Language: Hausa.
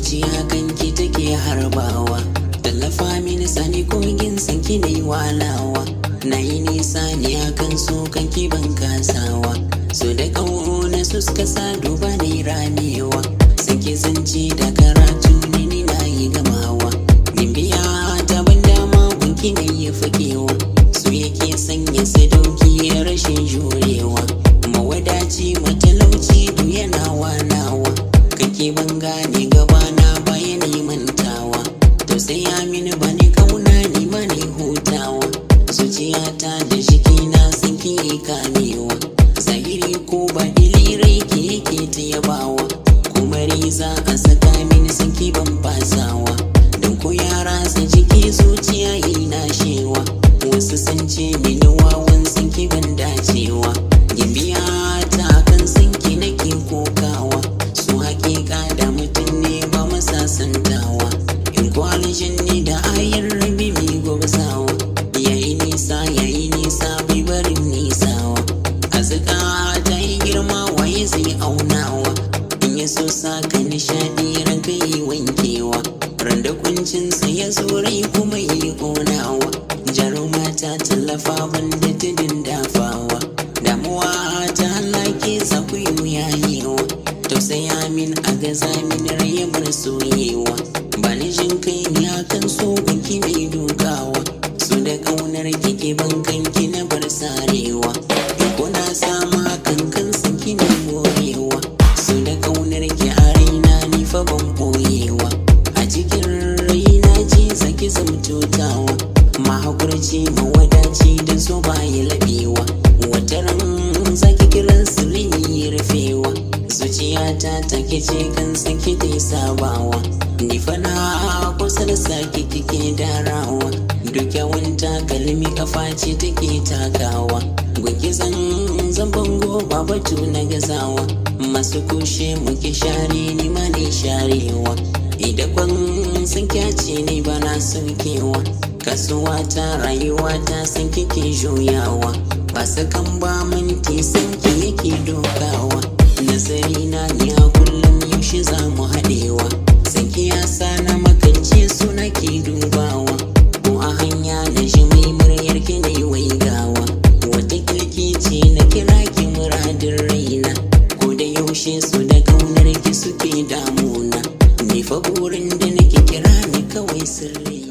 hakan ki take harbawa tallafa mini sani kogin sanki na yi walawa na yi nisa ne akan so ki ban kasawa so da kawo na suska sa duba na ramewa sanki zance da karatu ne ni na yi gamawa Nimbiya ta ban dama kunki na ya fakewa su yake sanya ya rashin jurewa mawadaci matalauci duk yana walawa kake ban gane za a saka mini sanki ban fasawa don ko yara sa ciki zuciya ina shewa wasu sun ce mini wawan sanki ban dacewa gimbiya ta kan sanki nake kokawa su hakika da mutum ne ba masa santawa in kwalishin ne da ayin rabi mai gobe aka yi wankewa randa kuncinsa ya zo kuma yi ƙonawa jarumata ta tallafa banda ta dindafawa damuwa ta halake ku yi yayewa tausaya min a gaza min rayabar soyewa ba jin kai ni kan so ki mai dukawa, su da ƙaunar kike bankan ki na bar sare Mahakurci mawadaci da zuba ya labewa wataran zaki kiran sirri rufewa zuciyata ta kice kan saki ta sabawa ni fana kusa da saki kike darawa duk yawan takalmi kafa ce take takawa gugizan zan bango babatu na gazawa masu kushe muke share ni ma ne sharewa idan kwan sun kyace ne bana saukewa Kasuwata rayuwata rayuwa san kike juyawa ba kan ba minti san ki yake dokawa nazari na ya kullum yaushe za mu haɗewa san ki ya sa na makance suna ke dubawa ko a hanya na shi mai muryar ki ne wai gawa wata kirki ce na kira ki muradin raina ko da yaushe su da kaunar ki suke damuna ni fa burin da nake kira ni kawai sirri